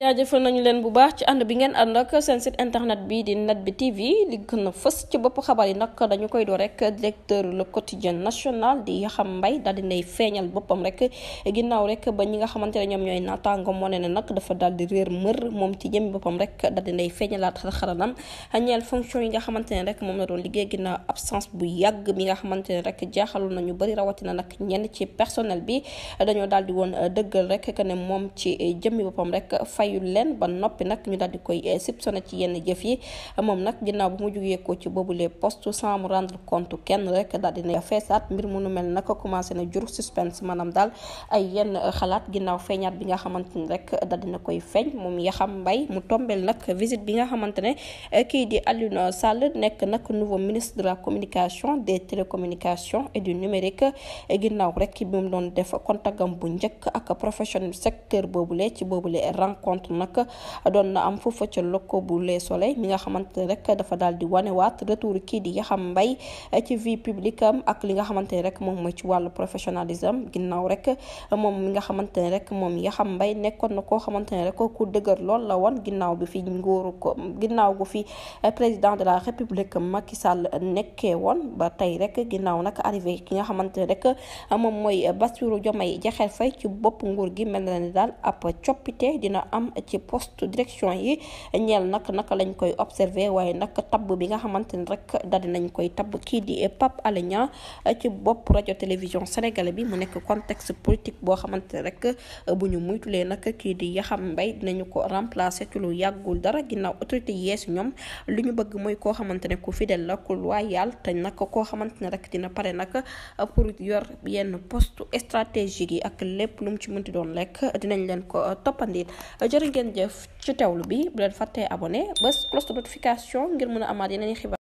jaajëfal nañu leen bu baax ci ànd bi ngeen ànd ak seen site internet bi di net bi TV li gën a fës ci bopp yi nag dañu koy doo rek directeur le quotidien national di Yaxam mbay daal di nay feeñal boppam rek ginnaaw rek ba ñi nga xamante ne ñoom ñooy naataango moo ne ne nag dafa daal di réer mër moom ci jëm boppam rek daal di nay feeñalaat xar-xaranam ñeel fonction yi nga xamante ne rek moom la doon liggéey ginnaaw absence bu yàgg mi nga xamante ne rek jaaxaloon nañu bëri rawatina nag ñenn ci personnel bi dañoo daal di woon dëggal rek que ne moom ci jëmmi boppam fayul leen ba noppi nag ñu daal di koy eh, soupçonné ci yenn jëf yi moom nag ginnaaw bu mu jugee ko ci boobu les postes sans mu compte kenn rek daal na bi nga ni rek daal dina koy feeñ moom Yaxam Mbaye mu tombel nag visite bi nga xamante ne eh, kii di Alioune Sall nekk nag nouveau ministre de la communication des télécommunications et du numérique ginnaaw rek bi mu doon def contagam bu njëkk ak professionnel secteur boobule ci boobule rencontre plainte nag doon na am foofa ca lokko bu Le Soleil mi nga xamante ne rek dafa daal di wane wanewaat retour kii di Yaxam mbay ci vie publique ak li nga xamante ne rek moom mooy ci wàllu professionnalisme ginnaaw rek moom mi nga xamante ne rek moom Yaxam Mbaye nekkoon na koo xamante ne rek ku dëgër lool la woon ginnaaw bi fi nguuru ko ginnaaw gu fi président de la république Macky Sall nekkee woon ba tey rek ginnaaw nag arrivé ki nga xamante ne rek moom mooy Bassirou Diomaye Diakhar Faye ci bopp nguur gi mel na ni daal ab coppite dina am am ci poste direction yi ñeel nag naka lañ koy observé waaye nag tabb bi nga xamante ni rek daal di nañ koy tabb kii di Pape Alé Niang ci bopp rajo télévision sénégalais bi mu nekk contexte politique boo xamante ne rek bu ñu muytulee nag kii di Yaxam Mbaye dinañu ko remplacer ci lu yàggul dara ginnaaw autorité yeesu ñoom li ñu bëgg mooy koo xamante ne ku fidèle la ku loyal te nag koo xamante ne rek dina pare nag pour yor yenn poste stratégique yi ak lépp lu mu ci mënti doon lekk dinañ leen ko toppandil jërë ngeen jëf ci teewlu bi bu leen fàttee abonné bés cloche de notification ngir mën a amaat yeneen xibaar